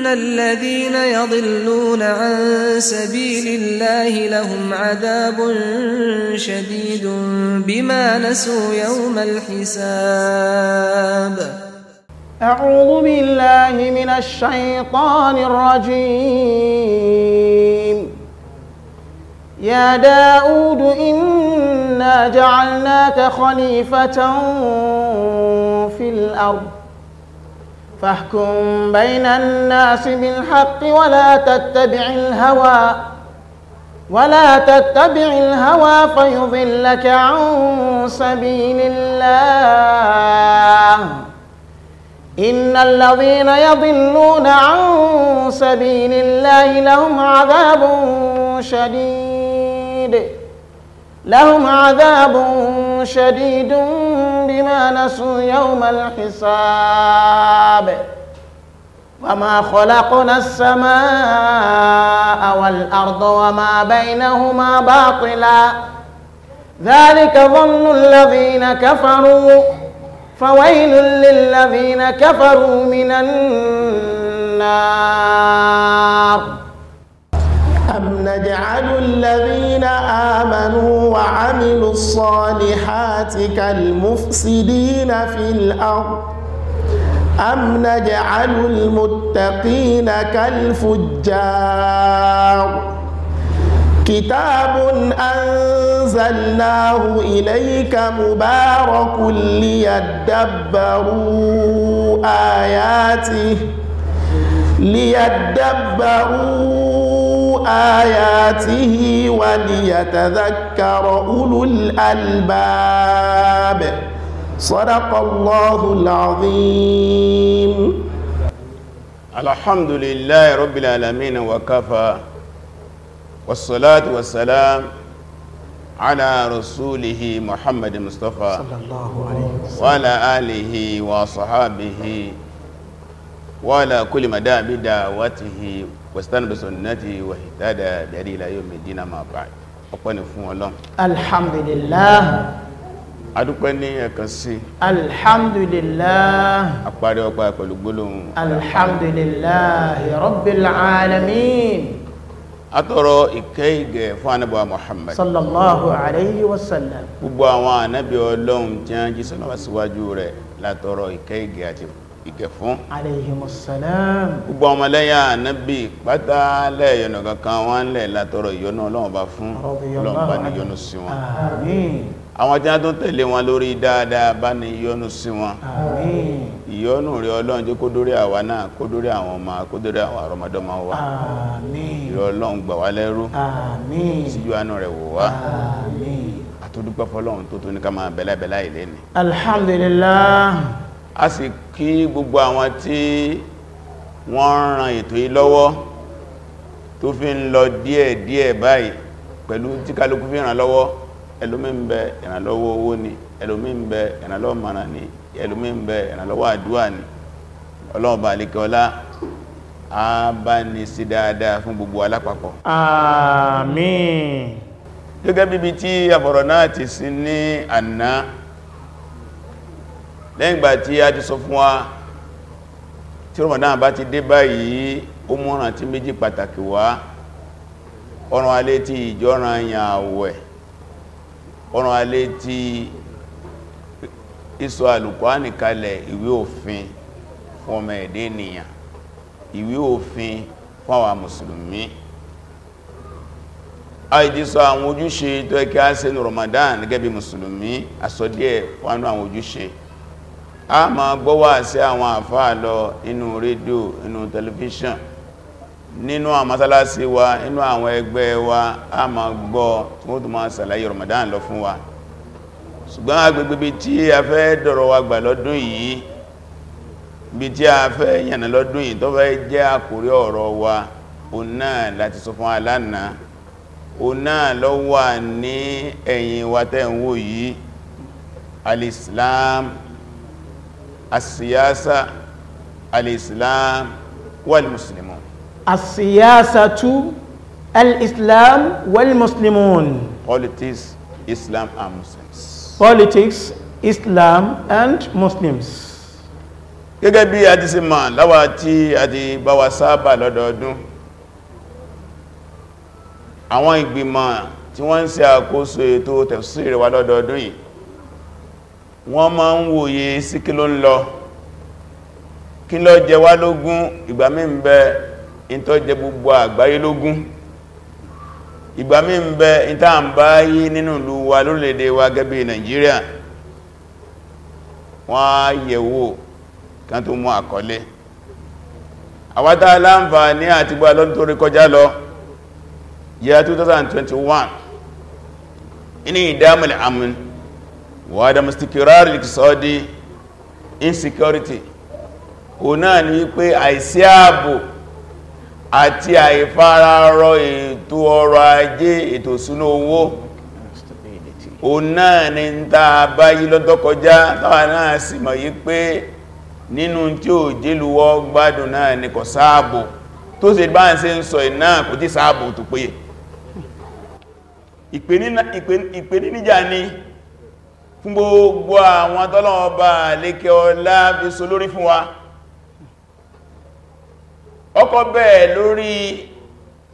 ان الذين يضلون عن سبيل الله لهم عذاب شديد بما نسوا يوم الحساب اعوذ بالله من الشيطان الرجيم يا داود انا جعلناك خليفه في الارض فاحكم بين الناس بالحق ولا تتبع الهوى ولا تتبع الهوى فيضلك عن سبيل الله إن الذين يضلون عن سبيل الله لهم عذاب شديد لهم عذاب شديد بما نسوا يوم الحساب وما خلقنا السماء والأرض وما بينهما باطلا ذلك ظن الذين كفروا فويل للذين كفروا من النار نجعل الذين آمنوا وعملوا الصالحات كالمفسدين في الأرض أم نجعل المتقين كالفجار كتاب أنزلناه إليك مبارك ليدبروا آياته ليدبروا آياته وليتذكر أولو الألباب صدق الله العظيم الحمد لله رب العالمين وكفى والصلاة والسلام على رسوله محمد مصطفى صلى الله عليه وسلم وعلى آله وصحابه وعلى كل مدى بدعوته western bisunati wa hitada bẹ̀rẹ̀ ilẹ̀ yóò medina ma bá ọpẹ́ ni fún ọlọ́run alhamdulillah adúpẹ́ ní ẹ̀kan sí alhamdulillah àparí ọpá pẹ̀lú gbólóhùn alhamdulillah rabbil alamin atọ́rọ ìkẹ́ ìgẹ̀ fún anábíwa Muhammad sallallahu alayhi wasallam gbogbo àwọn anábí ọlọ́run tí a jí sọ́nà síwájú rẹ̀ látọ̀rọ ìkẹ́ àti ìkẹ́ fún gbogbo ọmọlẹ́yà ànábì pátá lẹ́yọ̀nà kankan wọ́n lẹ̀ látọrọ ìyọ́nà ọlọ́run bá fún ọlọ́run sí wọn àmín àwọn ajá tó tẹ̀lé wọn lórí dáadáa bá ní yọ́nú sí wọn àmín ìyọ́nú ọlọ́run jẹ́ kó àwa náà kó àwọn ọmọ kó àwọn àrọmọdọ́mọ wa ìrọ̀ ọlọ́run gbà wá lẹ́rú síjú àánú rẹ̀ wò wá àmín àtúndúpẹ́ tó tó ní ká máa bẹ̀lẹ́bẹ̀lá ìlẹ́ni alhamdulillah a sì kí gbogbo àwọn tí wọ́n ran ètò yìí lọ́wọ́ tó fi ń lọ díẹ̀ díẹ̀ báyìí pẹ̀lú tí kálukú fi ràn lọ́wọ́ ẹlòmí ń bẹ ìrànlọ́wọ́ owó ni ẹlòmí ń bẹ ìrànlọ́wọ́ mara ni ẹlòmí ìrànlọ́wọ́ àdúwà ni ọlọ́ọ̀bà lẹ́yìngbà tí a ti sọ fún wa tí Ramadan bá ti dé báyìí ó múràn tí méjì pàtàkì wá ọ̀ràn alé tí ìjọ́ràn yàn àwẹ̀ ọ̀ràn alé tí ìsọ Al-Qur'ani kalẹ̀ ìwé òfin fún ọmọ ẹ̀dẹ́ ènìyàn ìwé òfin fún àwọn mùsùlùmí àìdísọ àwọn ojúṣe tó ẹkẹ́ á ṣe Ramadan gẹ́gẹ́ mùsùlùmí àsọdíẹ̀ wánú àwọn ojúṣe a ma gbọ́wà sí àwọn àfáà lọ inú rédíò inú tẹlifíṣàn nínú àwọn wa inú àwọn ẹgbẹ́ wa a ma gbọ́ tí ó tún sàlàyé lọ fún wa ṣùgbọ́n agbègbè tí a fẹ́ dọ̀rọ̀ wa gbà lọ́dún yìí bí tí a fẹ́ yànà lọ́dún yìí tó fẹ́ jẹ́ àkórí ọ̀rọ̀ wa o náà láti sọ fún alánà o náà lọ wà ní ẹ̀yìn السياسة الإسلام والمسلمون السياسة الإسلام والمسلمون Politics, Islam and Muslims Politics, Islam and Muslims gẹ́gẹ́ bí a ti ṣe máa láwá tí a ti bá wa sábà lọ́dọọdún àwọn ìgbìmọ̀ tí wọ́n ń ṣe àkóso ètò tẹ̀síìrì wa lọ́dọọdún yìí wọ́n máa ń wòye sí kí ló ń lọ kí ló jẹ wá lógún ìgbà mí ń bẹ ìntọ́ jẹ gbogbo àgbáyé lógún ìgbà mí ń bẹ ìta ń bá yí nínú ìlú wa lórílẹ̀-èdè wa gẹ́bí Nàìjíríà wọ́n á yẹ̀wò kan tó mú àkọlé àwátá aláǹfà ní àti gbà lọ́dún tó rí kọjá lọ yẹ́ 2021 inú ìdámọ̀lẹ̀ àmìnì وعدم استقرار الاقتصادي insecurity o náà ni wípé àìsí ààbò àti àìfararọ ètò ọrọ̀ ajé ètò ìṣúná owó o náà ni ń ta bá yí lọ́dọ́ kọjá táwa náà sì mọ̀ yí pé nínú tí ó jélúwọ́ gbádùn náà ni kò sáàbò tó sì bá ń ṣe ń sọ ìná kò tí sáàbò tó péye ìpèníjà ni fún gbogbo àwọn tọ́lọ́wọ́ bá lékẹ ọlá bí so lórí fún wa ọkọ̀ bẹ́ẹ̀ lórí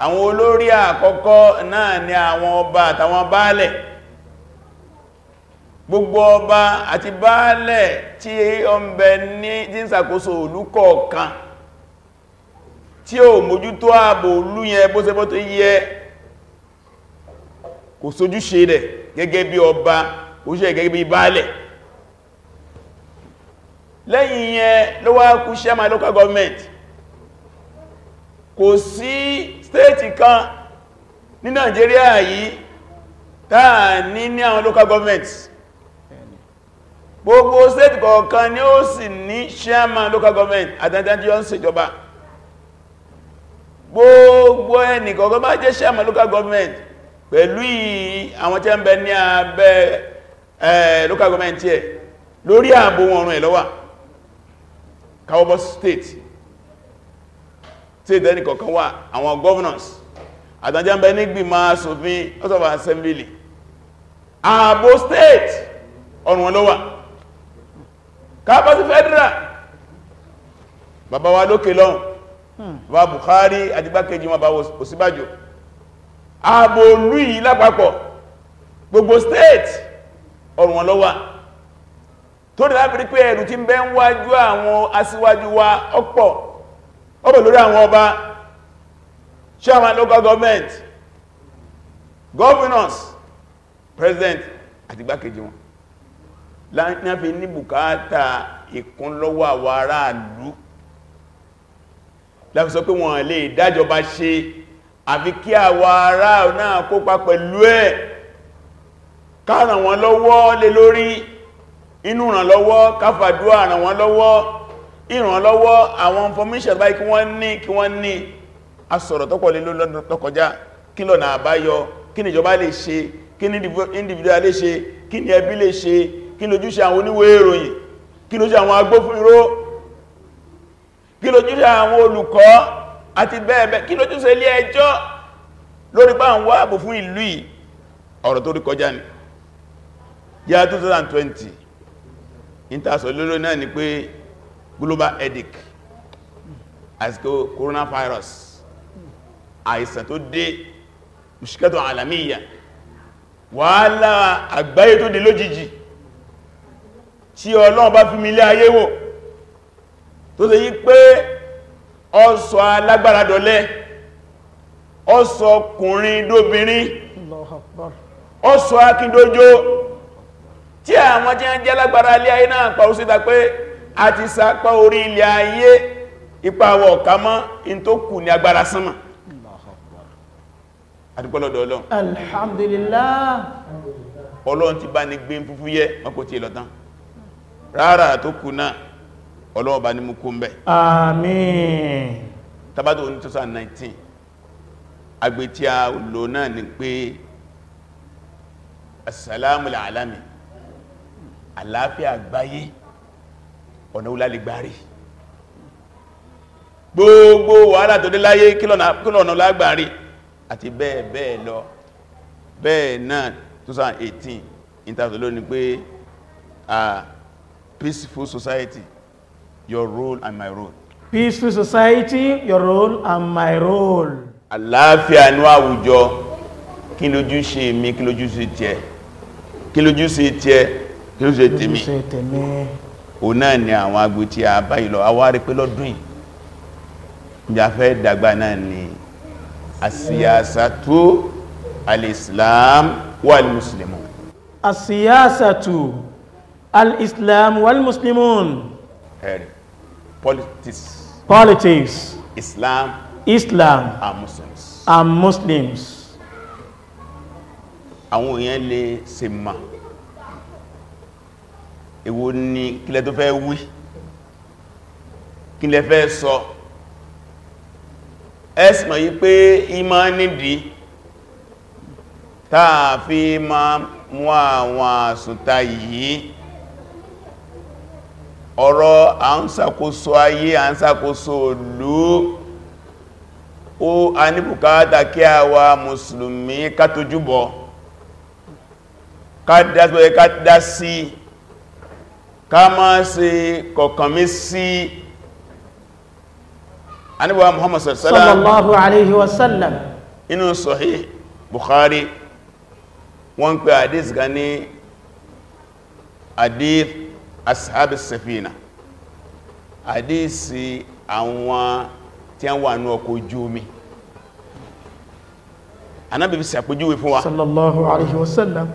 àwọn olórí àkọ́kọ́ náà ni àwọn ọba àtàwọn baálẹ̀ gbogbo ọba àti baálẹ̀ tí ó ń bẹ ní tí ń ṣàkóso ìlú kọ̀ọ̀kan tí ó mójútó ààbò ìlú bó ṣe bó tó yẹ kò sójúṣe rẹ̀ gẹ́gẹ́ bí ọba ó ṣe gẹ́gẹ́ bí baálẹ̀ lẹ́yìn yẹn ló wá kú chairman local government kò sí stéètì kan ní Nàìjíríà yìí táà ní ní àwọn local government gbogbo stéètì kọ̀ọ̀kan ni ó sì ní chairman local government àtàntàntí yọ́n ṣèjọba gbogbo ẹnìkọ̀ọ̀kan bá jẹ́ chairman local government pẹ̀lú àwọn tí a ń bẹ ní abẹ́ local government ẹ̀ lórí ààbò wọn ọ̀run ẹ̀ lọ́wà káwọ́bọ́ state state ẹni kọ̀kan wà àwọn governors àtàjẹ́mbẹ̀ nígbìmọ̀ asòfin house of assembly ààbò state ọ̀run wọn lọ́wà kápásí federal bàbá wa lókè lọ́hùn hmm. bàbá Buhari àdìgbàkejì wọn bá Ọ̀sínbàjò ààbò olú yìí lápapọ̀ gbogbo state ọrùn wọn lọ́wà tó rí láti rí pé ẹ̀rù tí ń bẹ ń wájú àwọn aṣíwájú wa ọ̀pọ̀ ọ̀pọ̀ lórí àwọn ọba chairman local government governors president àti gbákejì wọn láti fi ní bùkátà ìkúnlọ́wọ́ àwọn aráàlú láti sọ pé wọ́n lè dájọba ṣe àfi kí àwọn aráàlú náà kópa pẹ̀lú ẹ̀ ká ràn wọ́n lọ́wọ́ lé lórí inú ràn lọ́wọ́ káfàdúwà ràn wọ́n lọ́wọ́ ìrànlọ́wọ́ àwọn information báyìí kí wọ́n ní kí wọ́n ní asọ̀rọ̀ tó pọ̀ lé lọ́dún tó kọjá àbáyọ kí ni ìjọba lè ṣe kí ni individual lè ṣe kí ni ẹbí lè ṣe kí ni ojúṣe àwọn oníwèé ìròyìn kí ni ojúṣe àwọn agbófinró kí ni ojúṣe àwọn olùkọ́ àti bẹ́ẹ̀bẹ́ kí ni ilé ẹjọ́ lórí bá ń wá ààbò fún ìlú ọ̀rọ̀ tó rí kọjá ni year 2020 intaso lóró náà ni pé global headache àsìkò coronavirus àìsàn tó dé mushkatu alamiya wàhálà àgbáyé tó dé lójijì tí Ọlọ́run bá fi milé ayé wò tó ṣe yí pé ọsọ alágbára dọ̀lẹ́ ọsọ ọkùnrin dóbìnrin ọsọ akíndójó tí àwọn tí ń jẹ́ lágbára ilé ayé náà pa òsìta pé a ti sapá orí ilé ayé ìpàwọ̀ ọ̀ká mọ́ in tó kù ní agbára sánmà àdúgbọ́lọ́dọ̀ ọlọ́run alhamdulillah ọlọ́run ti bá ní gbé fúfú yẹ mọ́kò tí lọ́tán rárá tó kù náà ọlọ́run bá ní mú kú mbẹ̀ àmín tabato ní a lò náà ni pé assalamu alami àlàáfíà àgbáyé ọ̀nà wúlá lè gbárí gbogbo wàhálà tó dé láyé kílọ̀nà lágbàrí àti bẹ́ẹ̀ bẹ́ẹ̀ lọ bẹ́ẹ̀ náà 2018 internet ló ní pé a peaceful society your role and my role peaceful society your role and my role àlàáfíà inú àwùjọ kí lójú ṣe mi kí lójú ṣe tiẹ̀ kí lójú ṣe tiẹ̀ yóò ṣe tèmi o náà ni àwọn agbo tí a bá ìlọ pé lọ́dún yìí ní fẹ́ dàgbà náà ni asíyásàtú al-islam wal muslimun asíyásàtú al-islam wal muslimun ẹ̀rì politics politics islam islam and muslims and muslims àwọn èèyàn lè ṣe máa èwo ni kílẹ̀ tó fẹ́ wí kílẹ̀ fẹ́ sọ ẹ̀sìmọ̀ yí pé ìmọ̀ nìdí táà fi ma mú àwọn àsùntà yìí ọ̀rọ̀ à ń ṣàkóso ayé à ń ṣàkóso òlú ó a ní bùkátà kí a wà mùsùlùmí ká tójúbọ̀ ká dá sí ká má ṣe kọ̀kànmí sí aníbàwà muhammad sallallahu alaihi wasallam inú sahih bukhari wọ́n pè hadith ga ní hadith ashabis safina hadith àwọn tí a wà ní ọkọ̀ ojú omi anábìbí sàpójúwé fún wa sallallahu alaihi wasallam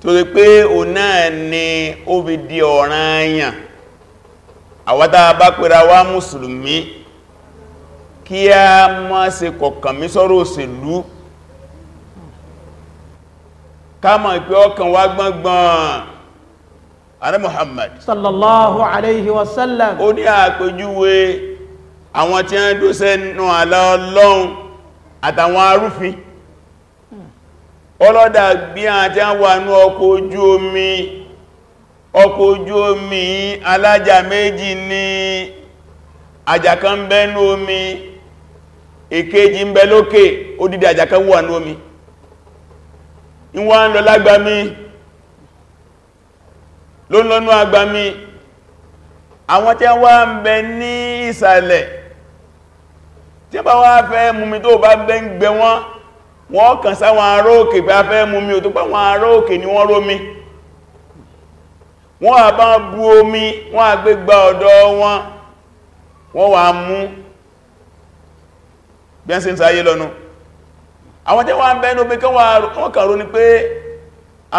torí pé o náà ni ó fi di ọ̀ràn ayàn àwátá bá pèrà wá mùsùlùmí kí a má ṣe kọ̀kàn mí sọ́rọ̀ òṣèlú káàmà ìpé ọkàn wá gbọ́ngbọ́n ààrẹ Muhammad sallallahu alaihi wasallam ó ní àpèjúwe àwọn tí a ń dúsẹ́ nù àlọ́ ọlọ́run àtàwọn arúfin ọlọ́dà bí àti àwọn àánú ọkọ̀ ojú omi ọkọ̀ ojú omi alájà méjì ní àjàkan ń bẹ ní omi èkejì ń bẹ lókè odidi àjàkan wà ní omi ìwọ́n lọ lágbàmí ló ń lọ́nú àgbàmí àwọn tí wọ́n ń bẹ ní ìsàlẹ̀ tí bá wá fẹ́ mú mi tó bá bẹ́ ń gbẹ wọ́n wọ́n kàn sáwọn ará òkè pé a fẹ́ mú mi ò tó pẹ́ wọn ni wọ́n rómi wọ́n a bá bú omi wọ́n a gbé gba ọ̀dọ̀ wọn wọ́n wà mú bẹ́ẹ̀sí ń sáyé lọ́nu àwọn tẹ́ wọ́n bẹ́ẹ̀nú pé kí wọ́n kàrò ní pé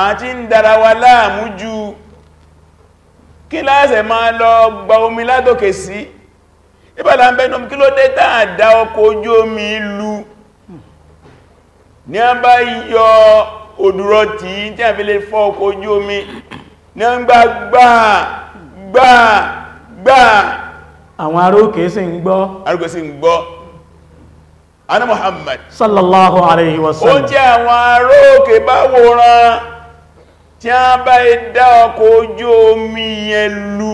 àti ń dára wa láàmú ju kí láẹ́sẹ̀ máa lọ gba omi látòkè sí ìbàdàn bẹ́ẹ̀nú kí ló dé tàà dá ọkọ̀ ojú omi ìlú ní a bá yọ òdúrọ̀ tí tí a fi lè fọ́ ọkọ̀ ojú omi ní a ń gbá gbá gbá gbá àwọn arókè sí ń gbọ́ arókè sí ń gbọ́ ana Muhammad sallallahu alaihi wasallam ó jẹ́ àwọn arókè bá wòran tí a bá dá ọkọ̀ ojú omi yẹn lù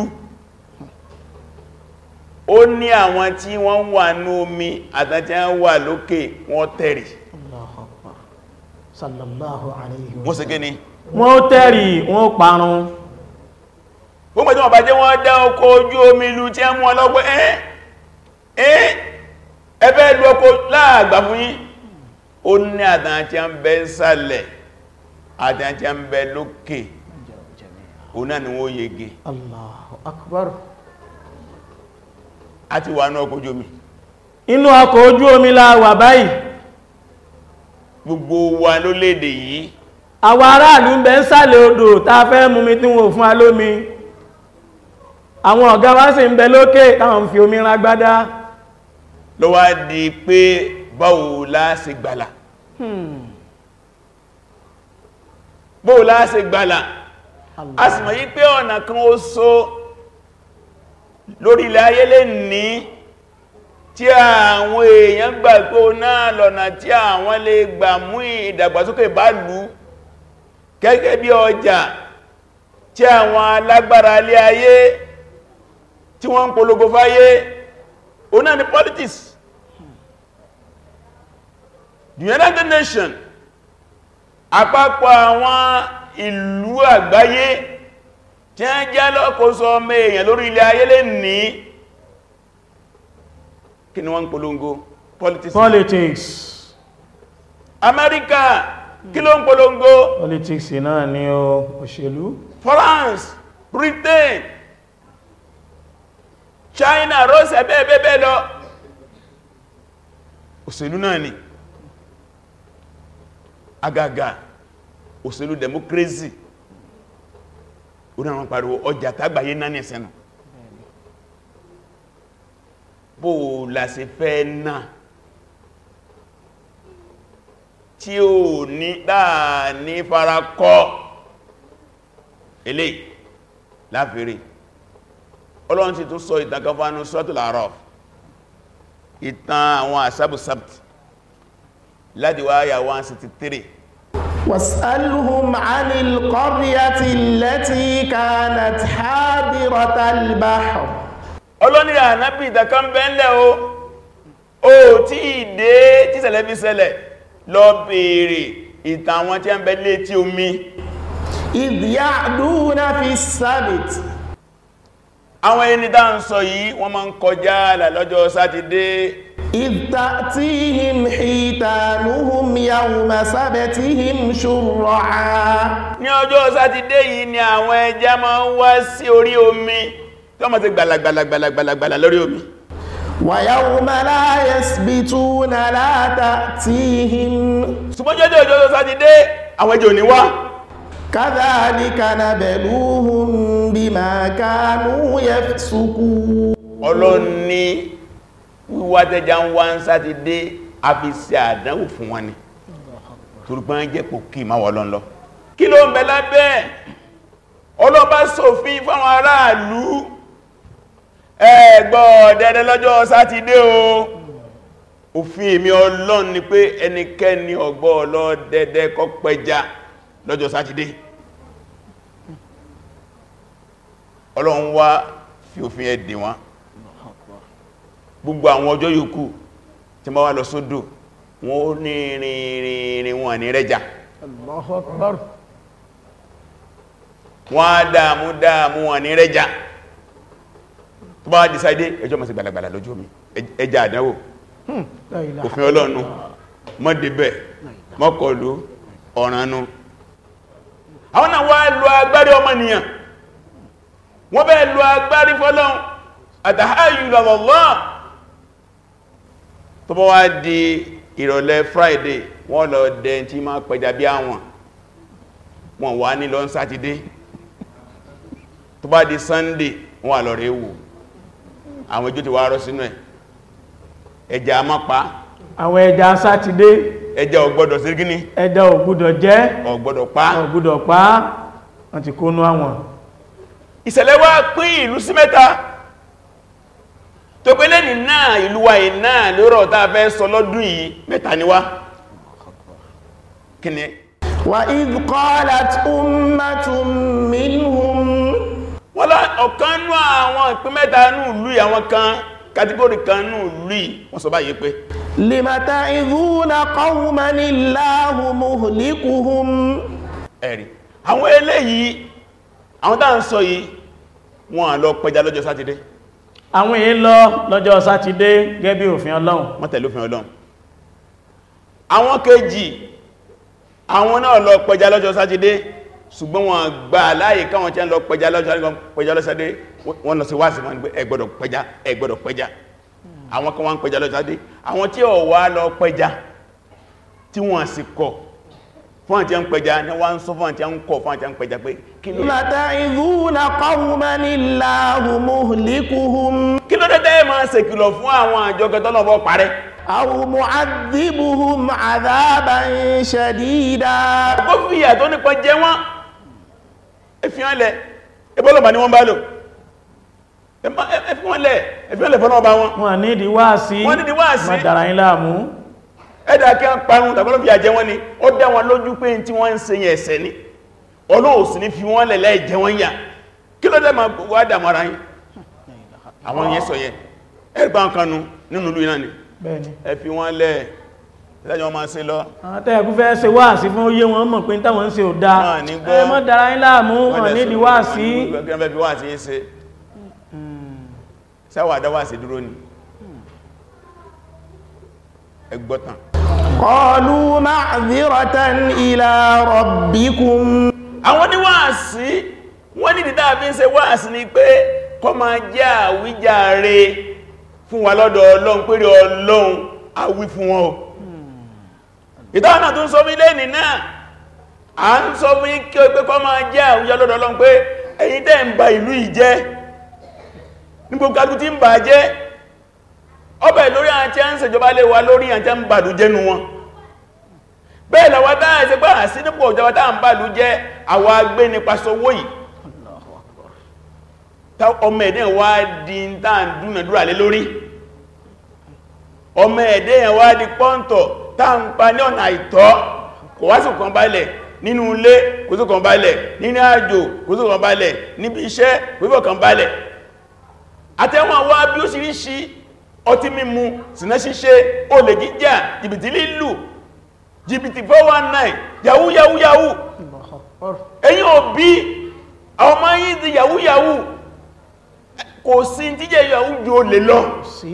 ó ní àwọn tí wọ́n wà ní omi àtàtí wọ́n wà lókè wọ́n tẹ̀rì sallallahu alayhi wọ́n ṣe gíní wọ́n tẹ́rì wọ́n parun wọ́n bá jẹ́ wọ́n dá ọkọ̀ omi ìlú tí a mú ọlọ́gbẹ́ ẹ́ ẹbẹ́ ìlú ọkọ̀ láàgbà fún yí ó ní àdán ń bẹ sálẹ̀ àdán ń bẹ lókè òun náà ni wọ́n yege omi la gbogbo wa ló léde yìí àwọn aráàlú ń bẹ ń sàlẹ̀ odò ta fẹ́ múmi tí wọ́n fún alómi àwọn ọ̀gá wá sì ń bẹ lókè táwọn fi omi rágbádá ló wá di pé báwo láàṣe gbàlà hmm. báwo láàṣe gbàlà a sì mọ̀ yí pé ọ̀nà kan ó so lórí ayé lè ní tí àwọn èèyàn gbàgbó náà lọ́nà tí àwọn lè gbà mú ìdàgbàsókè bá lú gẹ́gẹ́ bí ọjà tí àwọn alágbára alé ayé tí wọ́n ń polongo fáyé o náà ni politics the United nation àpapọ̀ àwọn ìlú àgbáyé tí a jẹ́ lọ́kọ́ sọ ọmọ èèyàn lórí ilẹ̀ ayé lè ní kí wọ́n ń polongo politics politics America kí ló ń polongo politics náà ni o òṣèlú France Britain China rọ́sẹ̀ bẹ́ẹ̀bẹ́ẹ̀ lọ òṣèlú náà ni Agaga. òṣèlú democracy orí àwọn pariwo ọjà tàgbàyé náà ní ẹ̀sẹ̀nù bó lásì fẹ́ náà tí ó ní dáa ní farakọ́ ilé láfírí ọlọ́run ti tó sọ ìtàkọfánú suratul A'raf ìtàn àwọn àṣàbù sabt láti 163 واسألهم عن القرية التي كانت حاضرة البحر ọlọ́nira ànábì ìdàkà ń bẹ́ẹ̀lẹ̀ o o tí ìdé tí ṣẹlẹ̀ fi ṣẹlẹ̀ lọ bèèrè ìtàwọn tí a ń bẹ létí omi ìdíyàdúnà fi sabit àwọn ẹni dá ń sọ yìí wọ́n máa ń kọjá àlà lọ́jọ́ sátidé ìtàtíhìm ìtàlúhùm yàwùmà sábẹ̀tíhìm tó mọ́ sí gbàlagbàlagbàlagbàlagbà lórí omi wa yawma la yasbituna la ta'tihim ṣùgbọ́njọ́jọ́ ìjọ́jọ́ sátidé àwọn ẹjọ́ ní wá kadhalika nabluhum bima kanu yafsukun ọlọ́ni wíwá tẹja ń wá ń sátidé a fi ṣe àdánwò fún wọn ni turban jẹ́ pò kí ma wọ́lọ́n lọ kí ló ń bẹ lábẹ́ ọlọ́bá ṣòfin fáwọn aráàlú ẹgbọ́ dẹ́dẹ́ lọ́jọ́ sátidé o òfin èmi ọlọ́n ni pé ẹnikẹ́ni ọgbọ́ ọlọ́ dẹ́dẹ́ kó pẹja lọ́jọ́ sátidé ọlọ́run wá fi òfin ẹ̀dì wọn gbogbo àwọn ọjọ́ yòókù tí ma wá lọ sódò wọn ó ní rìnrìnrìn wọn ní rẹjà Allahu á dáàmú dáàmú wọn ní rẹjà tó bá decide ẹjọ́ mọ̀ sí gbalagbala lójú omi ẹjà àdánwò hmm. òfin ọlọ́nu mọ́débẹ̀ mọ́kọlù ọ̀rànú àwọn náà wá lọ agbárí ọmọnìyàn wọ́n bẹ́ẹ̀ lọ agbárí fọ́lọ́un àtàháyù lọ́wọ́lọ́ tó bọ́ wá di ìrọ̀lẹ́ Friday wọ́n lọ dẹ tí máa pẹja bí àwọn wọ́n wá ní lọ Saturday tó bá di Sunday wọ́n lọ rẹ̀ wò àwọn ejò ti wá rọ́ sínú ẹ̀ ẹja amápa àwọn ẹja sátidé ẹja ọgbọ́dọ̀ sí gíní ẹja ọgbọ́dọ̀ jẹ ọgbọ́dọ̀ pa ọgbọ́dọ̀ pa wọ́n ti kónú àwọn ìṣẹ̀lẹ̀ wá pín ìlú sí mẹ́ta tó pé lẹ́ni náà ìlú wa yìí náà lórọ̀ tá a fẹ́ sọ lọ́dún yìí mẹ́ta ni wá kí wa idh qalat minhum ọlá ọ̀kan nú àwọn ìpín mẹ́ta nú ìlú àwọn kan kàtígórì kan nú ìlú wọ́n sọ báyìí pé lèmàtà ìrúnà kọ́wùmá ní láhùmù líkùhùn ẹ̀rì àwọn eléyìí àwọn tá ń sọ yìí wọ́n lọ pẹja lọ́jọ́ sátidé àwọn èyí lọ lọ́jọ́ sátidé gẹ́bí òfin ọlọ́run wọ́n tẹ̀lé òfin ọlọ́run àwọn kejì àwọn náà lọ pẹja lọ́jọ́ sátidé ṣùgbọ́n wọn gba láàyè káwọn tí ń lọ pẹja lọ́sàdé wọ́n lọ sí wáàsí wọn pé ẹ gbọ́dọ̀ pẹja ẹ gbọ́dọ̀ pẹja àwọn kan wọ́n pẹja lọ́sàdé àwọn tí ó wá lọ pẹja tí wọ́n sì kọ̀ fún àti ń pẹja ní wọ́n sọ fún àti ń kọ̀ fún àti ń pẹja pé kí ló dẹ́dẹ́ máa ṣèkìlọ̀ fún àwọn àjọkẹtọ́lọ́bọ̀ parẹ́ aw mu'adhibuhum 'adaban shadida. Kó fìyà tó nípa jẹ wọ́n ẹfihàn lẹ ẹbọ́lọ̀bà ni wọ́n bá lò ẹfihàn lẹ ẹfihàn lẹ fọ́nà ọba wọn wọ́n ní ìdí wáàsí wọ́n ní ìdí wáàsí mọ̀dára ìlàmú ẹ̀dà kí wọ́n parun tàbí ọlọ́bì àjẹ́ wọn ni ó dá wọn lójú pé tí wọ́n ń ṣe yẹn ẹ̀ṣẹ̀ ni ọlọ́ọ̀sì ní fi wọ́n lẹ̀ láìjẹ́ wọn yà kí ló dẹ́mà wá dàmọ́ ara yìí àwọn yẹn sọ yẹn ẹgbà kan nínú ìlú iná ni ẹ fi wọ́n lẹ́ẹ̀ lẹ́yìn ọmọ sí lọ. àtẹ́ẹ̀kú fẹ́ ṣe wá sí fún oyé wọn mọ̀ pé táwọn ń ò dáa ẹ dára ń láàmú wọn nídi wá sí gbẹ̀gbẹ̀ wá sí ṣe sáwàdá hmm. wá sí dúró ní ẹgbọ́tàn qalu ma'dhiratan ila rabbikum àwọn ní wá sí wọ́n ní ìdá fi ṣe wá sí ni pé kó máa jẹ́ àwíjàre fún wa lọ́dọ̀ ọlọ́run ìtọ́nà tó ń sọ mí lẹ́nì náà a ń sọ mí kí o pé kọ́ máa jẹ́ àwùjọ lọ́dọ̀ Ọlọ́run pé ẹ̀yin tẹ́ ń ba ìlú ìjẹ́ ní gbogbo kálukú tí ń bà jẹ́ ọbẹ̀ lórí àti à ń ṣèjọba lé wa lórí àti à ń bàdú jẹ́nu wọn bẹ́ẹ̀ lọ́wọ́ táà ṣe pé ọmọ ẹ̀dẹ́ wá di táà dúnàdúrà lé lórí ọmọ ẹ̀dẹ́ yẹn wá di pọ́ntọ̀ táǹpa ní ọ̀nà àìtọ́ kò wá sí kan balẹ̀ nínú ilé kò sí kan balẹ̀ nínú àjò kò sí kan balẹ̀ níbi iṣẹ́ kò sí kan balẹ̀ àtẹ́wọ̀n wá bí ó ṣiríṣi ọtí mímu sìná ṣíṣe olè jíjà jìbìtì lílù jìbìtì 419 yahoo kò sí jíjẹ yahoo jù olè lọ sí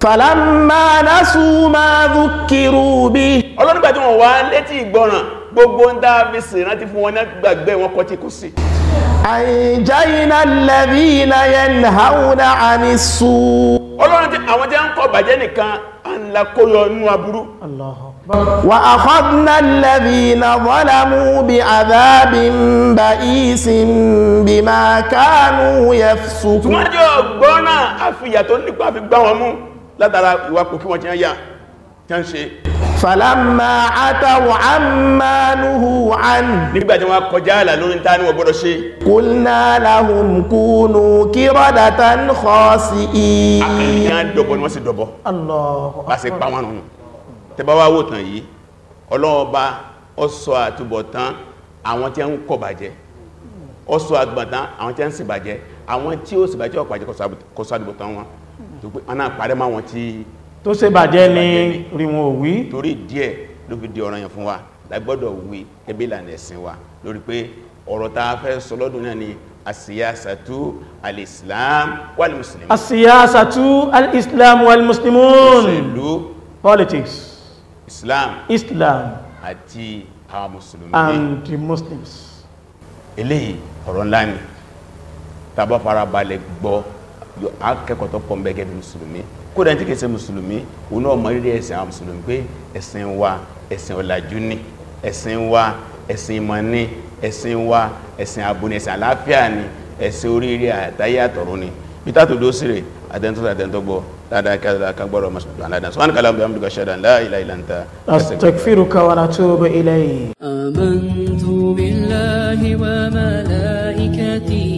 fàlámà násù máa dúkìrú bí ọlọ́nìgbà tí wọ́n wá létí ìgbọ́ràn gbogbo ń dá bí sí rántí fún wọn gbàgbé wọn kọ́ tí kò sí àìjáyìnà lẹ́bí iná yẹn haúnà àníṣù ọlọ́run tí àwọn jẹ́ ń kọ bàjẹ́ nìkan àńlá kó yọ nú aburú wà àfọ́dúnà lẹ́bí iná wọ́lámú bí àdábí ń bí máa káánú yẹ látara ìwàkù fún wọn tí wọ́n yà tí wọ́n ṣe falamma atawu ammanuhu an nígbàtí wọ́n kọjá àlà lórí ta ní wọ́n gbọ́dọ̀ ṣe kulna lahum kunu kiradatan khasi'in akìyàn dọ̀bọ̀ ni wọ́n sì dọ̀bọ̀ Allahu bá nù tẹbá wò tàn yìí ọlọ́ọba ó àtúbọ̀tán àwọn tí ń kọ̀ bàjẹ́ ó àgbàtán àwọn tí ń ṣìbàjẹ́ àwọn tí ó ṣìbàjẹ́ ọ̀pàjẹ́ kọsọ àdúgbọ̀tán wọn tó pé aná àpàrẹ máa wọn tí tó ṣe bàjẹ́ ni rí wọn ò wí torí díẹ̀ ló fi di ọ̀ranyàn fún wa lágbọ́dọ̀ wí ẹbí ìlànà ẹ̀sìn wa lórí pé ọ̀rọ̀ tá a fẹ́ sọ lọ́dún náà ni asiyasatu al-islam wal-muslimun asiyasatu al-islam wal-muslimun òṣèlú politics islam islam àti àwọn mùsùlùmí and the muslims eléyìí ọ̀rọ̀ ńlá ni tá a bá fara balẹ̀ gbọ́ akẹ́kọ̀ọ́ tó pọ̀ ń bẹ́ gẹ́gẹ́ mùsùlùmí kódà tí kìí mùsùlùmí òun náà mọ rírì ẹ̀sìn àwọn mùsùlùmí pé ẹ̀sìn wa ẹ̀sìn ọ̀làjú ni ẹ̀sìn wa ẹ̀sìn ìmọ̀ ni ẹ̀sìn wa ẹ̀sìn ààbò ni ẹ̀sìn àlàáfíà ni ẹ̀sìn oríire àtayé àtọ̀run ni peter tó dó sírè àtẹnudọ́ àtẹnudọ́gbọ́ dáadáa billahi wa malaikatihi.